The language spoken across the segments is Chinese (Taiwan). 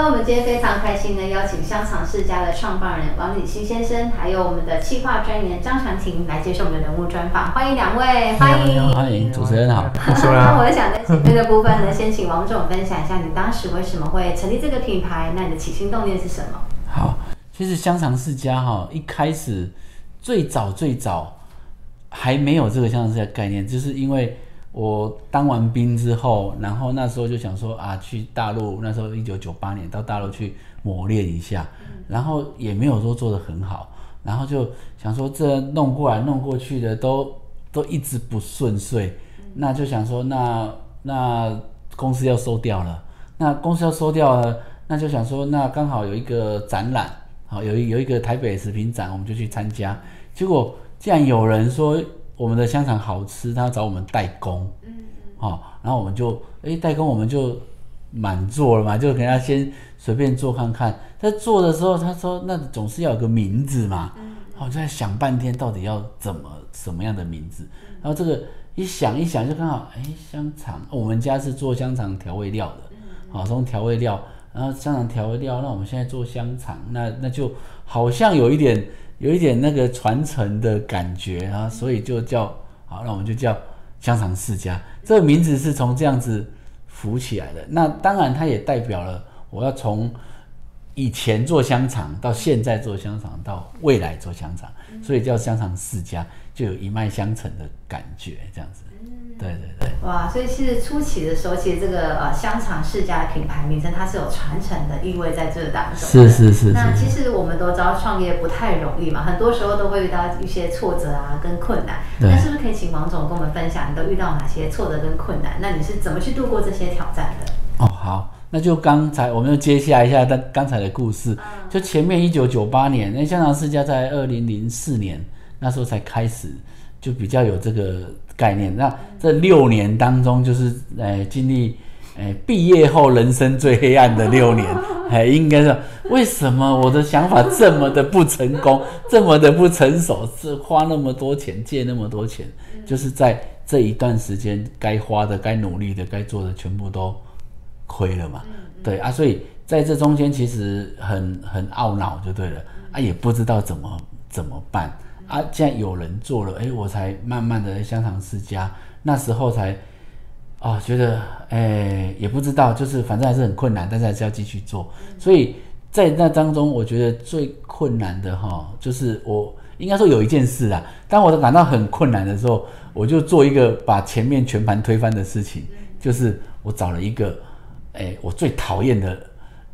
那、啊、我們今天非常開心呢，邀請香腸世家的創辦人王禮鑫先生，還有我們的企劃專員張承庭來接受我們的人物專訪。歡迎兩位，歡迎，歡迎主持人好。那 我想在這個部分呢， 先請王總分享一下，你當時為什麼會成立這個品牌？那你的起心動念是什麼？好，其實香腸世家哈，一開始最早最早還沒有這個香腸世家的概念，就是因為。我當完兵之後，然後那時候就想說啊，去大陸，那時候一九九八年到大陸去磨練一下，嗯、然後也沒有說做得很好，然後就想說這弄過來弄過去的都都一直不順遂，嗯、那就想說那那公司要收掉了，那公司要收掉了，那就想說那剛好有一個展覽，好，有一有一個台北食品展，我們就去參加，結果竟然有人說。我們的香腸好吃，他找我們代工，嗯嗯哦、然後我們就，哎，代工我們就滿做了嘛，就給他先隨便做看看。在做的時候，他說那總是要有個名字嘛，嗯，嗯，然後我就在想半天，到底要怎麼什麼樣的名字。嗯、然後這個一想一想就剛好，哎，香腸，我們家是做香腸調味料的，好、嗯嗯哦，從調味料，然後香腸調味料，那我們現在做香腸，那那就好像有一點。有一點那個傳承的感覺啊，所以就叫好，那我們就叫香腸世家。這個名字是從這樣子浮起來的。那當然，它也代表了我要從。以前做香腸，到現在做香腸，到未來做香腸，所以叫香腸世家，就有一脈相承的感覺，這樣子。對對對。哇，所以其實初期的時候，其實這個呃香腸世家的品牌名稱，它是有傳承的意味在這當中。是是,是是是是。那其實我們都知道創業不太容易嘛，很多時候都會遇到一些挫折啊，跟困難。那對是不是可以請王總跟我們分享，你都遇到哪些挫折跟困難？那你是怎麼去度過這些挑戰的？哦，好。那就剛才，我們又接下來一下，那剛才的故事，就前面一九九八年，那香腸世家在二零零四年那時候才開始，就比較有這個概念。那這六年當中，就是呃、哎、經歷、哎，畢業後人生最黑暗的六年，還、哎、應該說，為什麼我的想法這麼的不成功， 這麼的不成熟，是花那麼多錢，借那麼多錢，就是在這一段時間，該花的，該努力的，該做的，全部都，虧了嘛？嗯嗯對啊，所以在這中間其實很很懊惱，就對了啊，也不知道怎麼怎麼辦，嗯嗯啊。既然有人做了，哎，我才慢慢的香腸世家那時候才哦覺得哎也不知道，就是反正還是很困難，但是還是要繼續做。嗯嗯，所以在那當中，我覺得最困難的哈、哦，就是我應該說有一件事啊，當我都感到很困難的時候，我就做一個把前面全盤推翻的事情，嗯嗯，就是我找了一個。哎，我最討厭的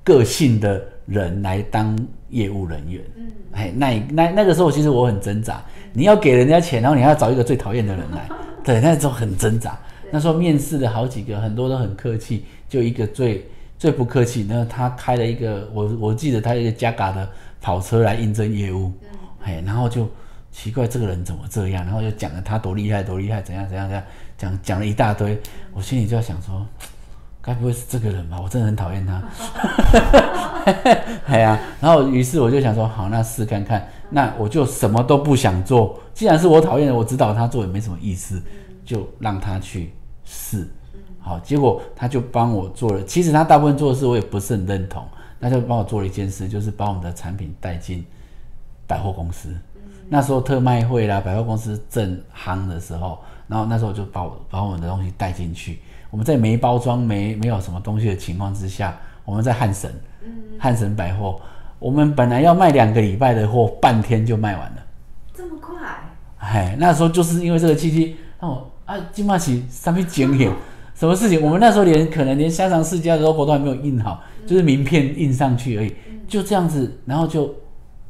個性的人來當業務人員。嗯，哎，那那那個時候其實我很掙扎。嗯、你要給人家錢，然後你要找一個最討厭的人來，對，那時候很掙扎。對那時候面試了好幾個，很多都很客氣，就一個最最不客氣。那他開了一個，嗯、我我記得他一個加嘎的跑車來應徵業務。嗯對，哎，然後就奇怪這個人怎麼這樣，然後就講了他多厲害多厲害怎樣怎樣怎樣，講講了一大堆，嗯、我心裡就在想說。該不會是這個人吧？我真的很討厭他。哎呀，然後於是我就想說，好，那試看看。那我就什麼都不想做，既然是我討厭的，我指導他做也沒什麼意思，嗯、就讓他去試。好，結果他就幫我做了。其實他大部分做的事我也不是很認同，他就幫我做了一件事，就是把我們的產品帶進百貨公司。嗯嗯那時候特賣會啦，百貨公司正夯的時候，然後那時候我就把我把我們的東西帶進去。我們在沒包裝、沒沒有什麼東西的情況之下，我們在漢神、嗯、漢神百貨，我們本來要賣兩個禮拜的貨，半天就賣完了。這麼快？哎，那時候就是因為這個契機，哦啊，金發奇上面撿起，啊、什麼事情？我們那時候連可能連香腸世家的都活動還沒有印好，嗯、就是名片印上去而已，就這樣子，然後就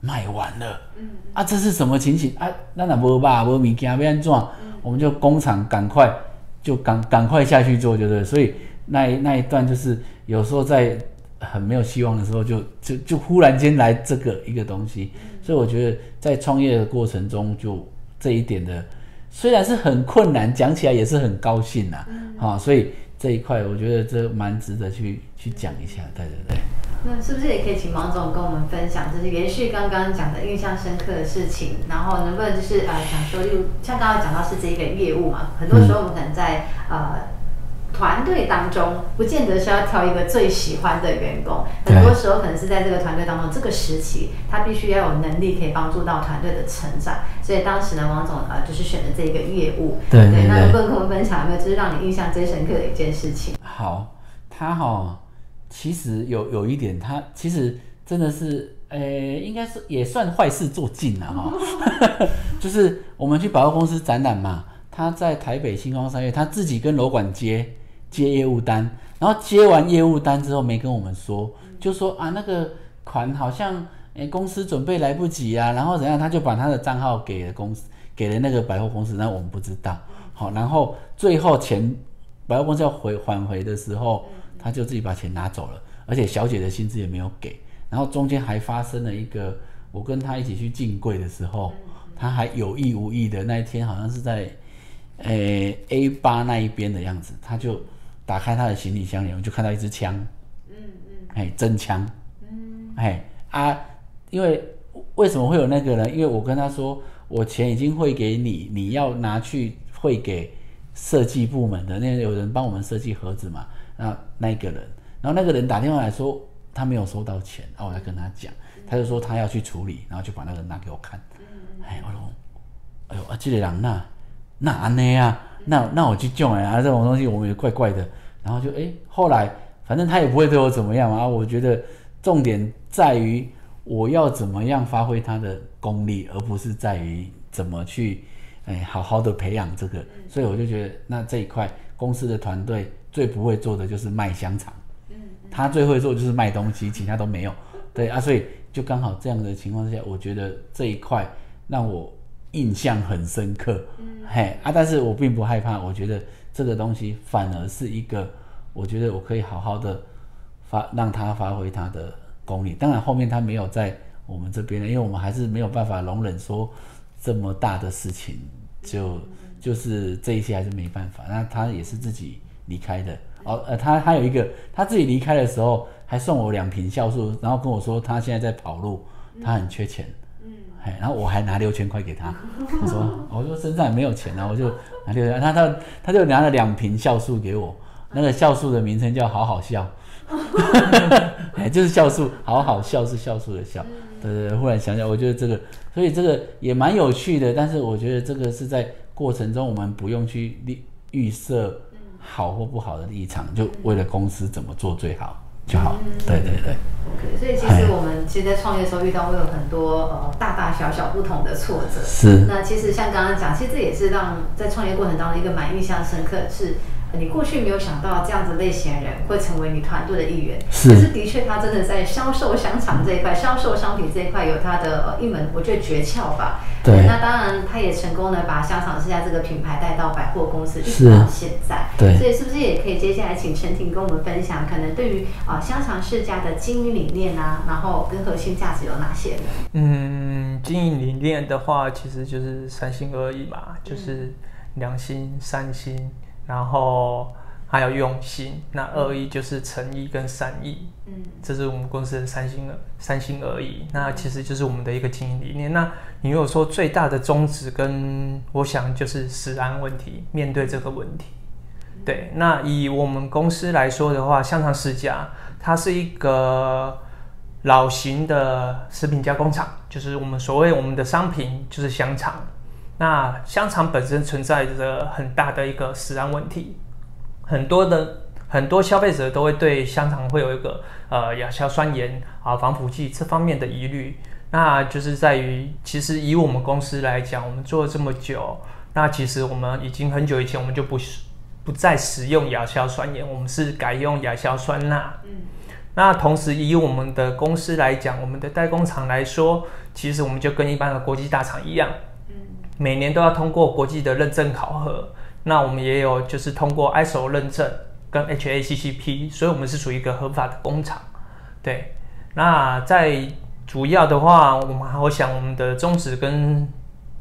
賣完了。嗯啊，這是什麼情形？啊，那那無吧，無名片變安怎？嗯、我們就工廠趕快。就趕趕快下去做，就對。所以那一那一段就是有時候在很沒有希望的時候就，就就就忽然間來這個一個東西。嗯、所以我覺得在創業的過程中，就這一點的雖然是很困難，講起來也是很高興吶、啊。嗯、啊，所以這一塊我覺得這蠻值得去去講一下。對對對。那是不是也可以請王總跟我們分享，就是延續剛剛講的印象深刻的事情，然後能不能就是呃想說，就像剛剛講到是這一個業務嘛，很多時候我們可能在呃團隊當中，不見得是要挑一個最喜歡的員工，很多時候可能是在這個團隊當中，啊、這個時期他必須要有能力可以幫助到團隊的成長，所以當時呢，王總啊、呃、就是選的這一個業務，對，對對。對，那能不能跟我們分享一個就是讓你印象最深刻的一件事情？好，他好。其實有有一點他，他其實真的是，呃、欸，應該是也算壞事做盡了哈。哦哦、 就是我們去百貨公司展覽嘛，他在台北新光商業，他自己跟樓管接接業務單，然後接完業務單之後沒跟我們說，嗯、就說啊那個款好像、欸、公司準備來不及啊，然後怎樣，他就把他的賬號給了公司，給了那個百貨公司，那我們不知道。好、嗯哦，然後最後錢百貨公司要回還回的時候。嗯他就自己把錢拿走了，而且小姐的薪資也沒有給。然後中間還發生了一個，我跟他一起去進櫃的時候，他還有意無意的，那一天好像是在，誒、欸、A 八那一邊的樣子，他就打開他的行李箱裡，我就看到一支槍，嗯嗯，哎真槍，嗯，哎、嗯、啊，因為為什麼會有那個呢？因為我跟他說，我錢已經匯給你，你要拿去匯給設計部門的，那有人幫我們設計盒子嘛。那那個人，然後那個人打電話來說他沒有收到錢，然後我來跟他講，他就說他要去處理，然後就把那個拿給我看，哎，我說，哎呦，啊，這裡、個、人那那安呢啊，那那我去救哎，啊，這種東西我們也怪怪的，然後就哎，後來反正他也不會對我怎麼樣啊，我覺得重點在於我要怎麼樣發揮他的功力，而不是在於怎麼去哎好好的培養這個，所以我就覺得那這一塊公司的團隊。最不會做的就是賣香腸，嗯，他最會做就是賣東西，其他都沒有。對啊，所以就剛好這樣的情況之下，我覺得這一塊讓我印象很深刻，嗯嘿啊，但是我並不害怕，我覺得這個東西反而是一個，我覺得我可以好好的發讓他發揮他的功力。當然，後面他沒有在我們這邊，因為我們還是沒有辦法容忍說這麼大的事情，就嗯嗯就是這一些還是沒辦法。那他也是自己離開的哦，呃，他還有一個，他自己離開的時候還送我兩瓶酵素，然後跟我說他現在在跑路，他很缺錢，嗯，嗯嘿，然後我還拿六千塊給他，嗯、我說、 哦、我說身上也沒有錢啊，我就拿六千，他他他就拿了兩瓶酵素給我，那個酵素的名稱叫好好笑，哎、嗯， 就是酵素好好笑是酵素的笑，嗯、對，對對，忽然想想，我覺得這個，所以這個也蠻有趣的，但是我覺得這個是在過程中我們不用去預預設。好或不好的立場，就為了公司怎麼做最好就好。嗯、對對對。Okay, 所以其實我們其實，在創業的時候遇到會有很多、嗯呃、大大小小不同的挫折。是。那其實像剛剛講，其實這也是讓在創業過程當中的一個蠻印象深刻是。你過去沒有想到這樣子類型的人會成為你團隊的一員，是。可是的確，他真的在銷售香腸這一塊、銷、嗯、售商品這一塊有他的、呃、一門，我覺得訣竅吧。對、嗯。那當然，他也成功的把香腸世家這個品牌帶到百貨公司去。是現在。對。所以，是不是也可以接下來請承庭跟我們分享，可能對於啊、呃、香腸世家的經營理念啊，然後跟核心價值有哪些呢？嗯，經營理念的話，其實就是三心二意吧，就是良心、嗯、三心。然後還要用心，那二意就是誠意跟善意，嗯，這是我們公司的三心二三心二意，那其實就是我們的一個經營理念。那你如果說最大的宗旨跟我想就是食安問題，面對這個問題，對，那以我們公司來說的話，香腸世家它是一個老型的食品加工廠，就是我們所謂我們的商品就是香腸。那香腸本身存在着很大的一個食安問題，很多的很多消費者都會對香腸會有一個呃亞硝酸鹽啊、防腐劑這方面的疑慮。那就是在於，其實以我們公司來講，我們做了這麼久，那其實我們已經很久以前我們就不不再使用亞硝酸鹽，我們是改用亞硝酸鈉。嗯。那同時以我們的公司來講，我們的代工廠來說，其實我們就跟一般的國際大廠一樣。每年都要通過國際的認證考核，那我們也有就是通過 ISO 認證跟 HACCP，所以我們是屬於一個合法的工廠對，那在主要的話，我們我想我們的宗旨跟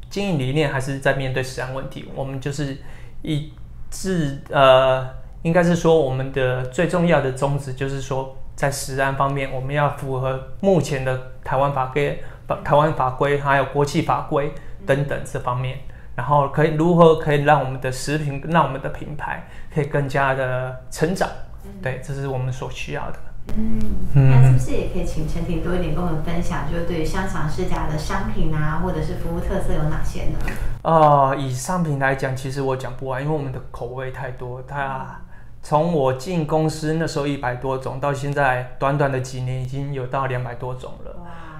經營理念還是在面對食安問題，我們就是以致呃，應該是說我們的最重要的宗旨就是說在食安方面，我們要符合目前的台灣法規、法，台灣法規還有國際法規。等等這方面，然後可以如何可以讓我們的食品、讓我們的品牌可以更加的成長？對，這是我們所需要的。嗯，那、嗯、是不是也可以請承庭多一點跟我們分享，就對於香腸世家的商品啊，或者是服務特色有哪些呢？哦，以商品來講，其實我講不完，因為我們的口味太多。它從我進公司那時候一百多種，到現在短短的幾年，已經有到兩百多種了。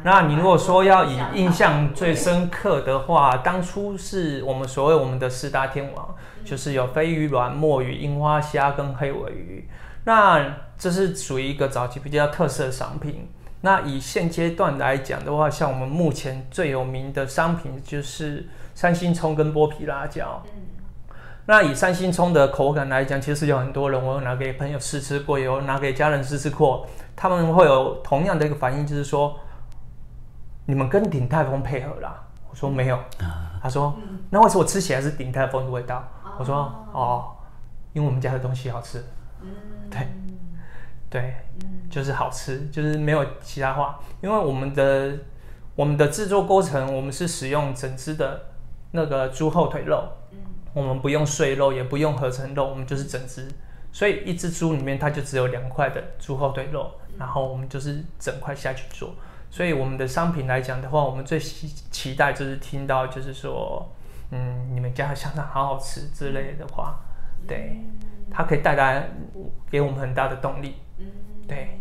那你如果說要以印象最深刻的話，嗯、當初是我們所謂我們的四大天王，嗯、就是有飛魚卵、墨魚、櫻花蝦跟黑鮪魚。那這是屬於一個早期比較特色的商品。那以現階段來講的話，像我們目前最有名的商品就是三星蔥跟剝皮辣椒。嗯、那以三星蔥的口感來講，其實有很多人，我有拿給朋友試吃過，有拿給家人試吃過，他們會有同樣的一個反應，就是說，你們跟鼎泰豐配合了？我說沒有。嗯、他說，嗯、那為什麼我吃起來是鼎泰豐的味道？哦、我說哦，因為我們家的東西好吃。嗯、對，對，嗯、就是好吃，就是沒有其他話。因為我們的我們的製作過程，我們是使用整隻的那個豬後腿肉，嗯、我們不用碎肉，也不用合成肉，我們就是整隻。所以一隻豬裡面它就只有兩塊的豬後腿肉，嗯、然後我們就是整塊下去做。所以，我們的商品來講的話，我們最期期待就是聽到，就是說，嗯，你們家的香腸好好吃之類的話，對，它可以帶來給我們很大的動力，嗯，對。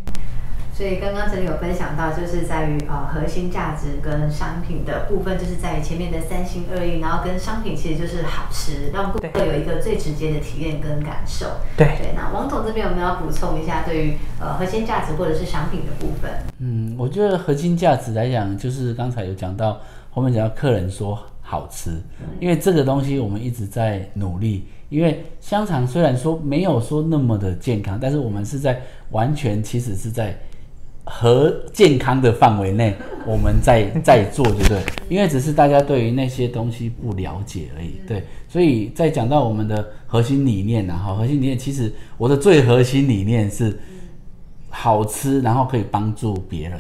所以剛剛這裡有分享到，就是在於呃核心價值跟商品的部分，就是在於前面的三心二意，然後跟商品其實就是好吃，讓顧客有一個最直接的體驗跟感受。對對，那王總這邊有沒有補充一下對於呃核心價值或者是商品的部分？嗯，我覺得核心價值來講，就是剛才有講到，後面講到客人說好吃，嗯、因為這個東西我們一直在努力，因為香腸雖然說沒有說那麼的健康，但是我們是在完全其實是在。和健康的範圍內，我們在 在做，對不對？因為只是大家對於那些東西不了解而已，對。所以在講到我們的核心理念呢，哈，核心理念其實我的最核心理念是好吃，然後可以幫助別人。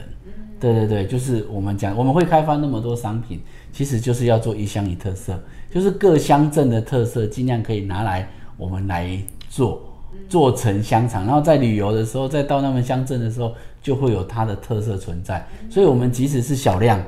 對對對，就是我們講，我們會開發那麼多商品，其實就是要做一鄉一特色，就是各鄉鎮的特色，盡量可以拿來我們來做。做成香腸，然後在旅遊的時候，再到他們鄉鎮的時候，就會有它的特色存在。所以，我們即使是小量，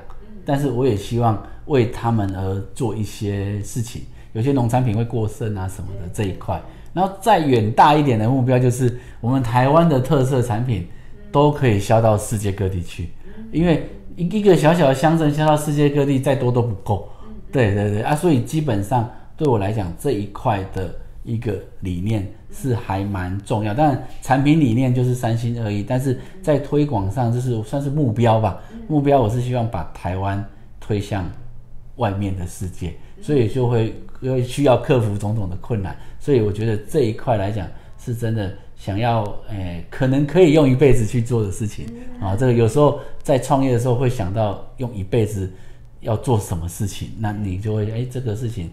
但是我也希望為他們而做一些事情。有些農產品會過剩啊，什麼的這一塊。然後再遠大一點的目標，就是我們台灣的特色產品都可以銷到世界各地去。因為一個小小的鄉鎮銷到世界各地，再多都不夠。對對對，對啊，所以基本上對我來講，這一塊的一個理念。是還蠻重要，但產品理念就是三心二意，但是在推廣上就是算是目標吧。目標我是希望把台灣推向外面的世界，所以就會因為需要克服種種的困難。所以我覺得這一塊來講，是真的想要誒、欸，可能可以用一輩子去做的事情啊。這個有時候在創業的時候會想到用一輩子要做什麼事情，那你就會誒、欸，這個事情。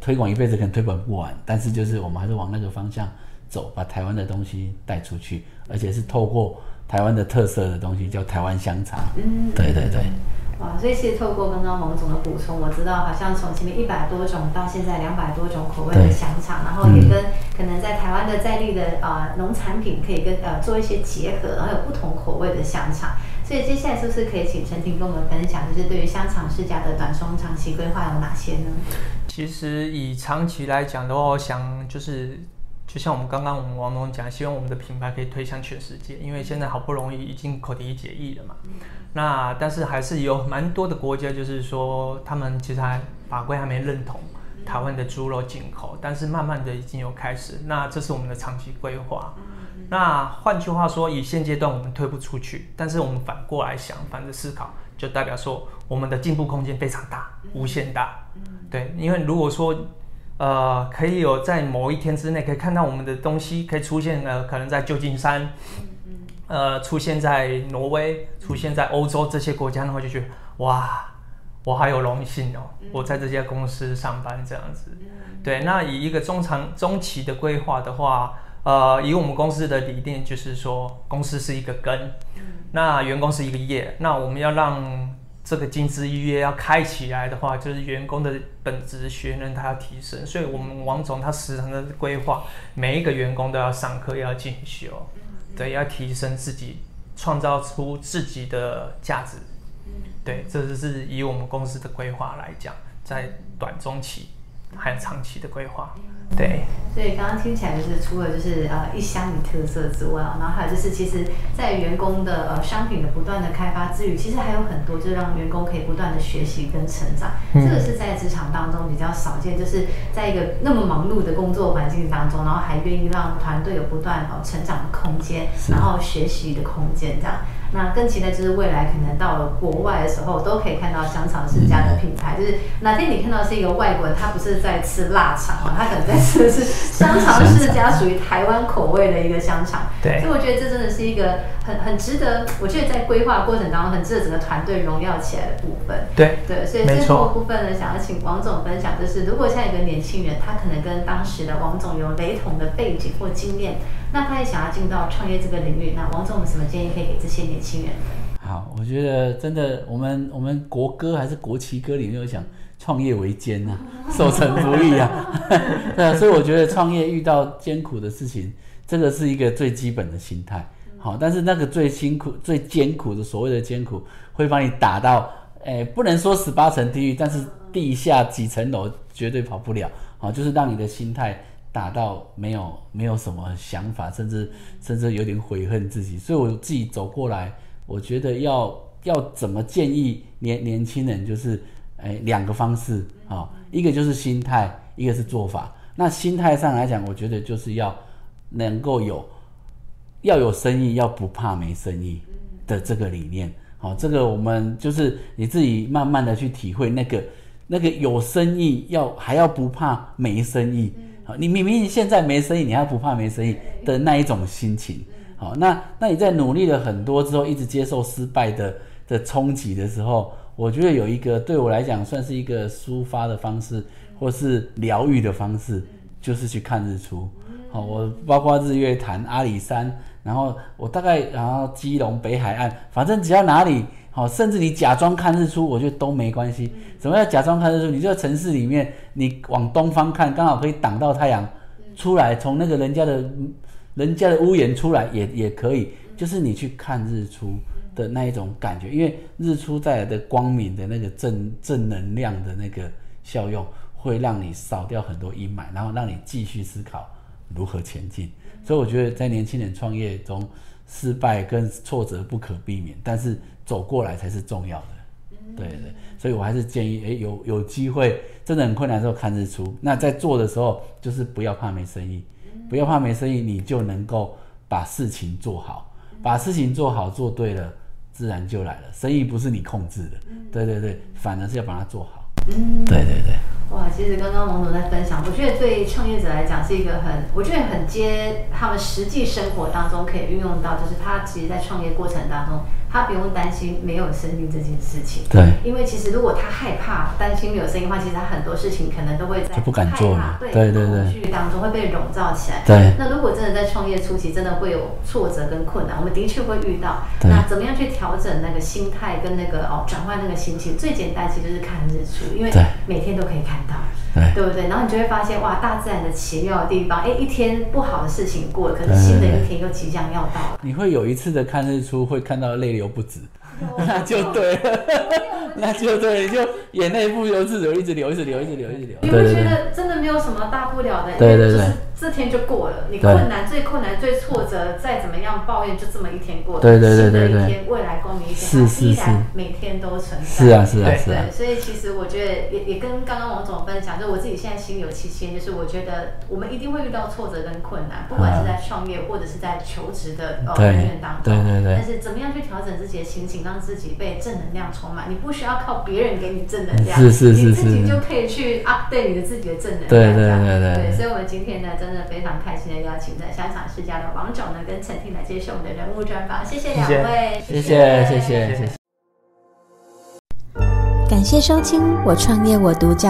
推廣一輩子可能推廣不完，但是就是我們還是往那個方向走，把台灣的東西帶出去，而且是透過台灣的特色的東西，叫台灣香腸。嗯，對對對。所以其實透過剛剛王總的補充，我知道好像從前面一百多種到現在兩百多種口味的香腸，對然後也跟、嗯、可能在台灣的在地的啊、呃、農產品可以跟呃做一些結合，然後有不同口味的香腸。所以接下來是不是可以請承庭跟我們分享，就是對於香腸世家的短中長期規劃有哪些呢？其實以長期來講的話，我想就是，就像我們剛剛我們王總講，希望我們的品牌可以推向全世界。因為現在好不容易已經口蹄疫解疫了嘛，嗯、那但是還是有蠻多的國家，就是說他們其實還法規還沒認同台灣的豬肉進口，但是慢慢的已經有開始。那這是我們的長期規劃。嗯、那換句話說，以現階段我們推不出去，但是我們反過來想，反着思考。就代表說，我們的進步空間非常大，無限大。對，因為如果說，呃，可以有在某一天之內可以看到我們的東西可以出現，呃，可能在舊金山，呃，出現在挪威，出現在歐洲這些國家的話，就覺得哇，我還有榮幸哦，我在這家公司上班這樣子。對，那以一個中長中期的規劃的話。呃，以我們公司的理念就是說，公司是一個根，嗯、那員工是一個葉，那我們要讓這個金枝玉葉要開起來的話，就是員工的本職學能它要提升。所以，我們王總他時常的規劃，每一個員工都要上課，要進修，嗯、對，要提升自己，創造出自己的價值。嗯、對，這就是以我們公司的規劃來講，在短中期，還有長期的規劃，對。所以剛剛聽起來就是，除了就是呃一鄉一特色之外，然後還有就是，其實，在員工的呃商品的不斷的開發之餘，其實還有很多，就是讓員工可以不斷的學習跟成長。這個是在職場當中比較少見，就是在一個那麼忙碌的工作環境當中，然後還願意讓團隊有不斷哦、呃、成長的空間，然後學習的空間這樣。那更期待就是未來可能到了國外的時候，都可以看到香腸世家的品牌。嗯、就是哪天你看到是一個外國人，他不是在吃臘腸，他可能在吃的是香腸世家屬於台灣口味的一個香腸。 對，所以我覺得這真的是一個很很值得，我覺得在規劃過程當中很值得整個團隊榮耀起來的部分。對，對，所以最後的部分呢，沒錯。想要請王總分享，就是如果現在一個年輕人，他可能跟當時的王總有雷同的背景或經驗。那他也想要進到創業這個領域。那王總，有什麼建議可以給這些年輕人？好，我覺得真的，我們我們國歌還是國旗歌裡面講，創業維艱吶，守成不易啊。啊 對，所以我覺得創業遇到艱苦的事情，真的是一個最基本的心態。好，但是那個最辛苦、最艱苦的所謂的艱苦，會把你打到，哎，不能說十八層地獄，但是地下幾層樓絕對跑不了。好，就是讓你的心態。打到沒有，沒有什麼想法，甚至甚至有點悔恨自己，所以我自己走過來，我覺得要要怎麼建議年年輕人，就是誒，兩個方式啊，一個就是心態，一個是做法。那心態上來講，我覺得就是要能夠有要有生意，要不怕沒生意的這個理念。好，嗯，哦，這個我們就是你自己慢慢的去體會那個那個有生意要還要不怕沒生意。嗯你明明你現在沒生意，你還不怕沒生意的那一種心情？好，那那你在努力了很多之後，一直接受失敗的的衝擊的時候，我覺得有一個對我來講算是一個抒發的方式，或是療癒的方式，就是去看日出。好，我包括日月潭、阿里山，然後我大概然後基隆北海岸，反正只要哪裡。好，甚至你假裝看日出，我覺得都沒關係。什麼叫假裝看日出？你就在城市裡面，你往東方看，剛好可以擋到太陽出來，從那個人家的、人家的屋檐出來也也可以。就是你去看日出的那一種感覺，因為日出帶來的光明的那個正正能量的那個效用，會讓你少掉很多陰霾，然後讓你繼續思考如何前進。所以我覺得，在年輕人創業中，失敗跟挫折不可避免，但是。走過來才是重要的，對對對，所以我還是建議，誒、欸，有有機會，真的很困難的時候看日出。那在做的時候，就是不要怕沒生意，不要怕沒生意，你就能夠把事情做好，把事情做好做對了，自然就來了。生意不是你控制的，對對對，反而是要把它做好，嗯、對對對。哇，其實剛剛王總在分享，我覺得對創業者來講是一個很，我覺得很接他們實際生活當中可以運用到，就是他其實，在創業過程當中，他不用擔心沒有生意這件事情。對，因為其實如果他害怕擔心沒有生意的話，其實他很多事情可能都會在不敢做，對對，對對對，恐懼當中會被籠罩起來。對，那如果真的在創業初期，真的會有挫折跟困難，我們的確會遇到。對那怎麼樣去調整那個心態跟那個哦轉換那個心情？最簡單其實就是看日出，因為每天都可以看。 對不對？然後你就會發現，哇，大自然的奇妙的地方。哎、欸，一天不好的事情過了，可是新的一天又即將要到了、嗯嗯。。 你會有一次的看日出，會看到淚流不止，哦、 那就對了，有 那就對，就眼淚不由自主，一直流，一直流，一直流，一直流。你會覺得真的沒有什麼大不了的，對對對，對。四天就過了，你困難最困難最挫折，再怎麼樣抱怨，就這麼一天過了。對對對，新的一天，未來光明一片，依然每天都存在。是啊是啊是啊。所以其實我覺得也也跟剛剛王總分享，就我自己現在心有戚戚，就是我覺得我們一定會遇到挫折跟困難，不管是在創業或者是在求職的呃員當中，對對對。但是怎麼樣去調整自己的心情，讓自己被正能量充滿？你不需要靠別人給你正能量，是是是，你自己就可以去 update 你的自己的正能量。對對對對。對，所以我們今天呢，真。真的非常開心的邀請在香腸世家的王總呢，跟承庭來接受我們的人物專訪。謝謝兩位，謝謝謝謝謝謝。感謝收聽《我創業我獨角》，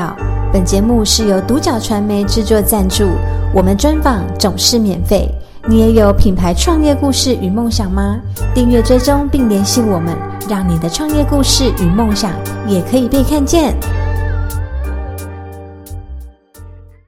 本節目是由獨角傳媒製作贊助。我們專訪總是免費，你也有品牌創業故事與夢想嗎？訂閱追蹤並聯繫我們，讓你的創業故事與夢想也可以被看見。